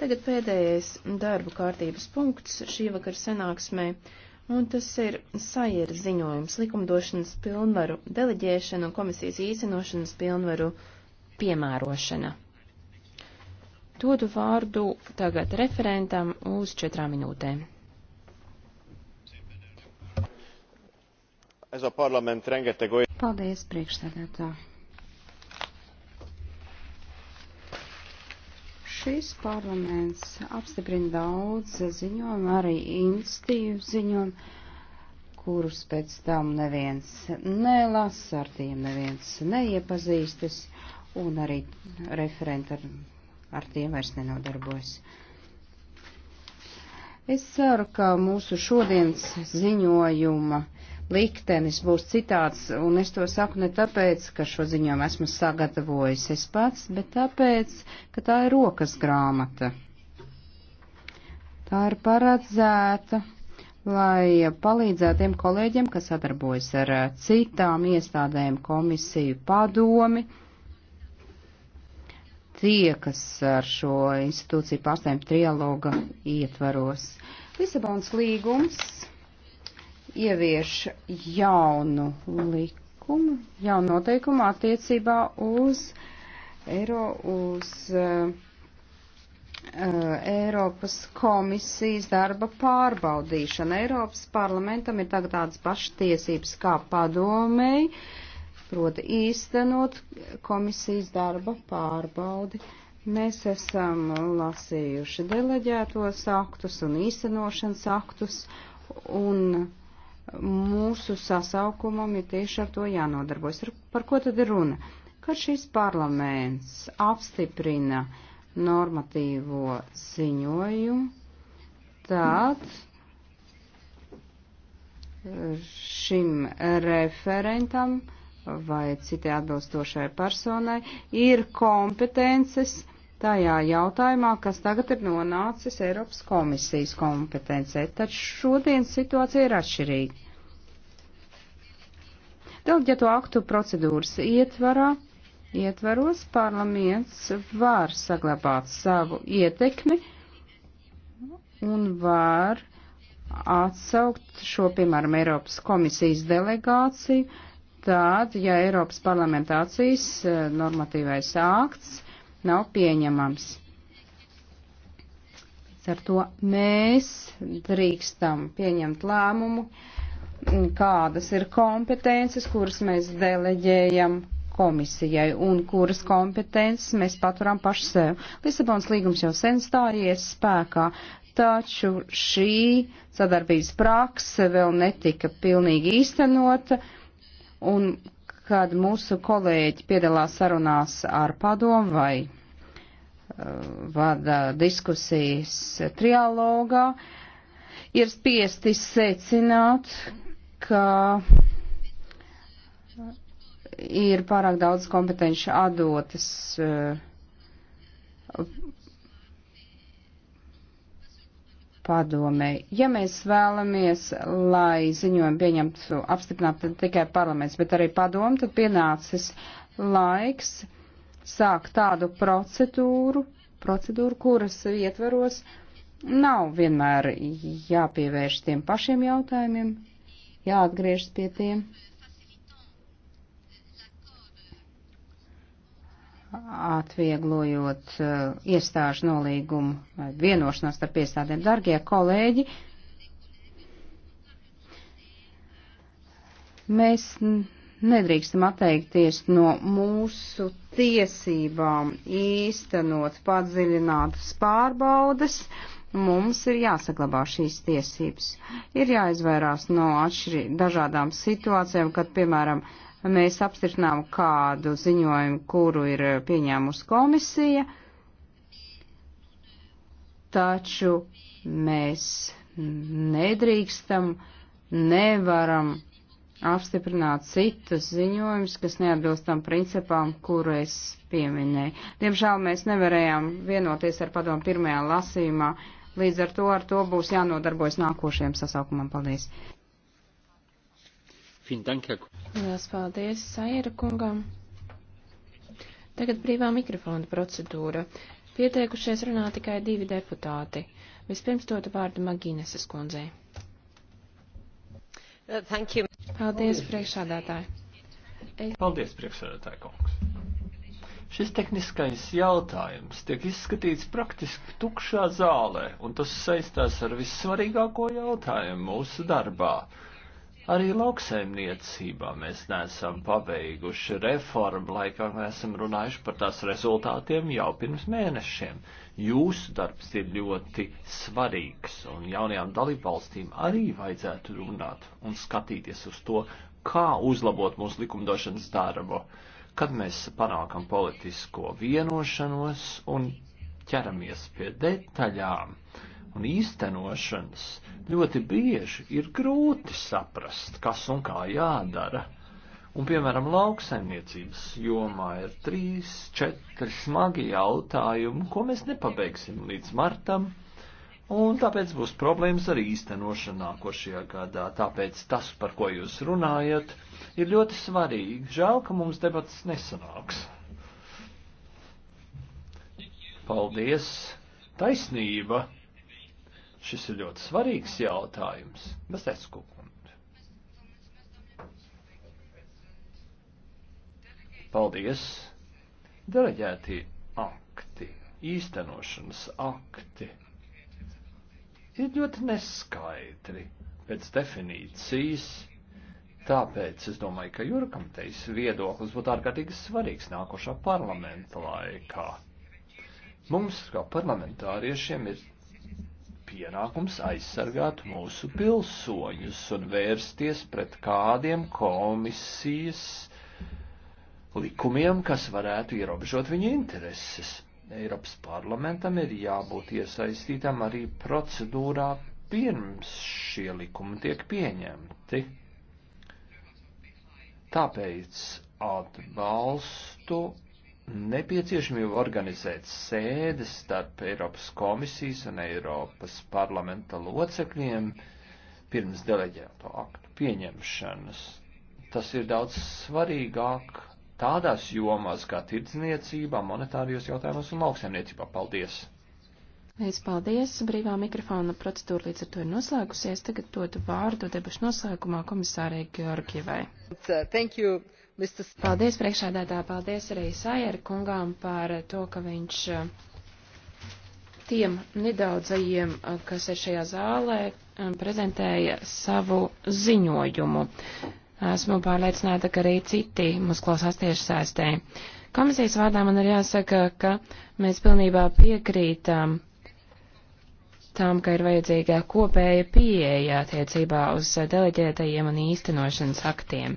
Tagad pēdējais darba kārtības punkts šī vakara sanāksmē, un tas ir sajera ziņojums likumdošanas pilnvaru deleģēšana un komisijas īstenošanas pilnvaru piemērošana. Dodu vārdu tagad referentam uz četrām minūtēm. Paldies, priekšsēdētāji. Šīs parlaments apstiprina daudz ziņojumu, arī institīvu ziņojumu, kurus pēc tam neviens nelasa, ar tiem neviens neiepazīstas, un arī referenti ar, ar tiem vairs nenodarbojas. Es ceru, ka mūsu šodienas ziņojuma liktenis būs citāds, un es to saku ne tāpēc, ka šo ziņojumu esmu sagatavojis es pats, bet tāpēc, ka tā ir rokas grāmata. Tā ir paredzēta, lai palīdzētu tiem kolēģiem, kas sadarbojas ar eh, citām iestādēm, komisiju, padomi. Tie, kas ar šo institūciju pārstāvjiem trialoga ietvaros. Lisabons līgums ievieš jaunu likumu, jaunu noteikumu attiecībā uz eiro, uz uh, Eiropas komisijas darba pārbaudīšana. Eiropas parlamentam ir tagad tādas pašas tiesības kā padomēji, proti īstenot komisijas darba pārbaudi. Mēs esam lasījuši deleģētos aktus un īstenošanas aktus un mūsu sasaukumam ir tieši ar to jānodarbojas. Par ko tad ir runa? Kad šis parlaments apstiprina normatīvo ziņojumu, tad šim referentam vai citai atbilstošai personai ir kompetences tajā jautājumā, kas tagad ir nonācis Eiropas komisijas kompetencē, taču šodien situācija ir atšķirīga. Delģeto aktu procedūras ietvarā, ietvaros parlaments var saglabāt savu ietekmi un var atsaukt šo, piemēram, Eiropas komisijas delegāciju, tad, ja Eiropas parlamentācijas eh, normatīvais akts nav pieņemams. Ar to mēs drīkstam pieņemt lēmumu, kādas ir kompetences, kuras mēs deleģējam komisijai un kuras kompetences mēs paturam paši sev. Lisabons līgums jau sen stājies spēkā, taču šī sadarbības prakse vēl netika pilnīgi īstenota un kad mūsu kolēģi piedalās sarunās ar padomu vai uh, vada diskusijas trialogā, ir spiesti secināt, ka ir pārāk daudz kompetenci atdotas uh, padomē. Ja mēs vēlamies, lai ziņojumu pieņemtu apstiprināt tikai parlaments, bet arī padomu, tad pienācis laiks sākt tādu procedūru, procedūru, kuras ietveros nav vienmēr jāpievērš tiem pašiem jautājumiem, jāatgriežas pie tiem. atvieglojot uh, iestāžu nolīgumu vai vienošanos starp iestādēm. Dargie kolēģi, mēs nedrīkstam atteikties no mūsu tiesībām īstenot padziļinātas pārbaudas. Mums ir jāsaglabā šīs tiesības. Ir jāizvairās no atšķiri dažādām situācijām, kad, piemēram, uh, mēs apstiprinām kādu ziņojumu, kuru ir pieņēmusi komisija, taču mēs nedrīkstam, nevaram apstiprināt citus ziņojumus, kas neatbilstam principām, kuru es pieminēju. Diemžēl mēs nevarējām vienoties ar padomu pirmajā lasījumā, līdz ar to ar to būs jānodarbojas nākošajam sasaukumam. Paldies! Lielas paldies Saira kungam. Tagad brīvā mikrofona procedūra. Pieteikušies runā tikai divi deputāti. Vispirms dotu vārdu Magīneses kundzei. Uh, thank you. Paldies, priekšsādātāji. Es... Paldies, priekšsādātāji kungs. Šis tehniskais jautājums tiek izskatīts praktiski tukšā zālē, un tas saistās ar vissvarīgāko jautājumu mūsu darbā Arī lauksaimniecībā mēs neesam pabeiguši reformu laikā, mēs esam runājuši par tās rezultātiem jau pirms mēnešiem. Jūsu darbs ir ļoti svarīgs, un jaunajām dalībvalstīm arī vajadzētu runāt un skatīties uz to, kā uzlabot mūsu likumdošanas darbu, kad mēs panākam politisko vienošanos un ķeramies pie detaļām. Uh, un īstenošanas ļoti bieži ir grūti saprast, kas un kā jādara. Un, piemēram, lauksaimniecības jomā ir trīs, četri smagi jautājumi, ko mēs nepabeigsim līdz martam, un tāpēc būs problēmas ar īstenošanu nākošajā gadā. Tāpēc tas, par ko jūs runājat, ir ļoti svarīgi. Žēl, ka mums debats nesanāks. Paldies! Taisnība! Šis ir ļoti svarīgs jautājums. Basesku kundze. Paldies. Deleģēti akti, īstenošanas akti ir ļoti neskaidri pēc definīcijas. Tāpēc es domāju, ka Jurkam teis viedoklis būtu ārkārtīgi svarīgs nākošā parlamenta laikā. Mums, kā parlamentāriešiem, ir pienākums aizsargāt mūsu pilsoņus un vērsties pret kādiem komisijas likumiem, kas varētu ierobežot viņu intereses. Eiropas parlamentam ir jābūt iesaistītam arī procedūrā pirms šie likumi tiek pieņemti. Tāpēc atbalstu nepieciešamību organizēt sēdes starp Eiropas komisijas un Eiropas parlamenta locekļiem pirms deleģēto aktu pieņemšanas. Tas ir daudz svarīgāk tādās jomās kā tirdzniecībā, monetārijos jautājumos un lauksaimniecībā. Paldies! Mēs paldies. Brīvā mikrofona procedūra līdz ar to ir noslēgusies. Tagad dodu vārdu debašu noslēgumā komisārai Georgievai. Thank you, Mr. Paldies priekšādātā, paldies arī Sajera kungām par to, ka viņš tiem nedaudzajiem, kas ir šajā zālē, prezentēja savu ziņojumu. Esmu pārliecināta, ka arī citi mūs klausās tieši sēstē. Komisijas vārdā man ir jāsaka, ka mēs pilnībā piekrītam uzskatām, ka ir vajadzīga kopēja pieeja attiecībā uz deleģētajiem un īstenošanas aktiem.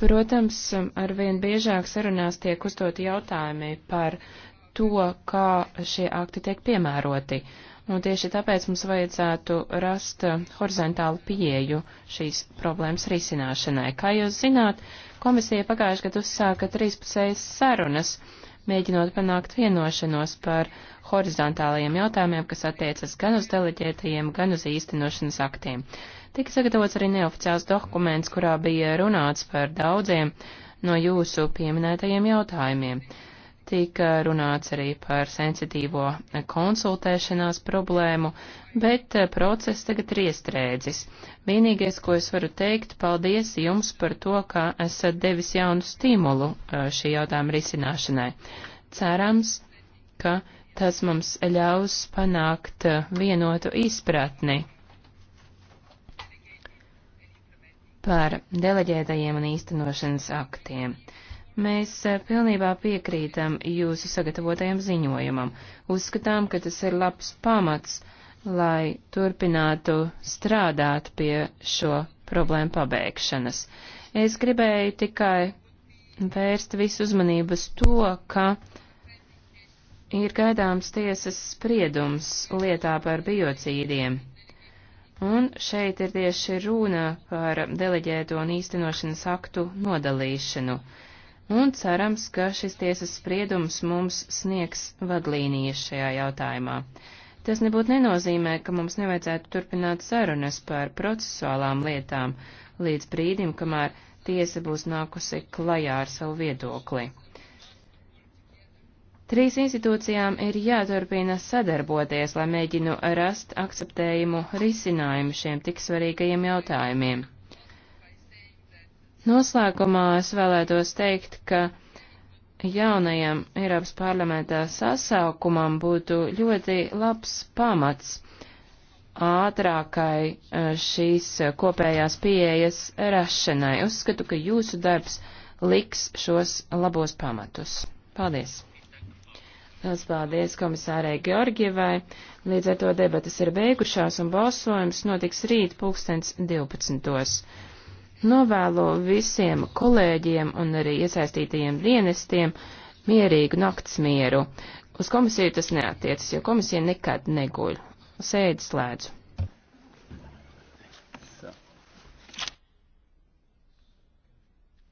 Protams, arvien biežāk sarunās tiek uzdoti jautājumi par to, kā šie akti tiek piemēroti. Un nu, tieši tāpēc mums vajadzētu rast horizontālu pieeju šīs problēmas risināšanai. Kā jūs zināt, komisija pagājušajā gadā uzsāka trīspusējas sarunas mēģinot panākt vienošanos par horizontālajiem jautājumiem, kas attiecas gan uz deleģētajiem, gan uz īstenošanas aktiem. Tika sagatavots arī neoficiāls dokuments, kurā bija runāts par daudziem no jūsu pieminētajiem jautājumiem. Tika runāts arī par sensitīvo konsultēšanās problēmu, bet process tagad ir iestrēdzis. Vienīgais, ko es varu teikt, paldies jums par to, ka esat devis jaunu stimulu šī jautājuma risināšanai. Cerams, ka tas mums ļaus panākt vienotu izpratni par deleģētajiem un īstenošanas aktiem. Mēs eh, pilnībā piekrītam jūsu sagatavotajam ziņojumam. Uzskatām, ka tas ir labs pamats, lai turpinātu strādāt pie šo problēmu pabeigšanas. Es gribēju tikai vērst visu uzmanību uz to, ka ir gaidāms tiesas spriedums lietā par biocīdiem. Un šeit ir tieši runa par deleģēto un īstenošanas aktu nodalīšanu un cerams, ka šis tiesas spriedums mums sniegs vadlīnijas šajā jautājumā. Tas nebūtu nenozīmē, ka mums nevajadzētu turpināt sarunas par procesuālām lietām līdz brīdim, kamēr tiesa būs nākusi klajā ar savu viedokli. Trīs institūcijām ir jāturpina sadarboties, lai mēģinu rast akceptējumu risinājumu šiem tik svarīgajiem jautājumiem. Noslēgumā es vēlētos teikt, ka jaunajam Eiropas parlamentā sasaukumam būtu ļoti labs pamats ātrākai e, šīs kopējās pieejas rašanai. Uzskatu, ka jūsu darbs liks šos labos pamatus. Paldies! Lielas paldies komisārei Georgievai. Līdz ar to debatas ir beigušās un balsojums notiks rīt pulkstens 12. Novēlu visiem kolēģiem un arī iesaistītajiem dienestiem mierīgu naktsmieru. Uz komisiju tas neatiecas, jo komisija nekad neguļ. Sēdi slēdzu.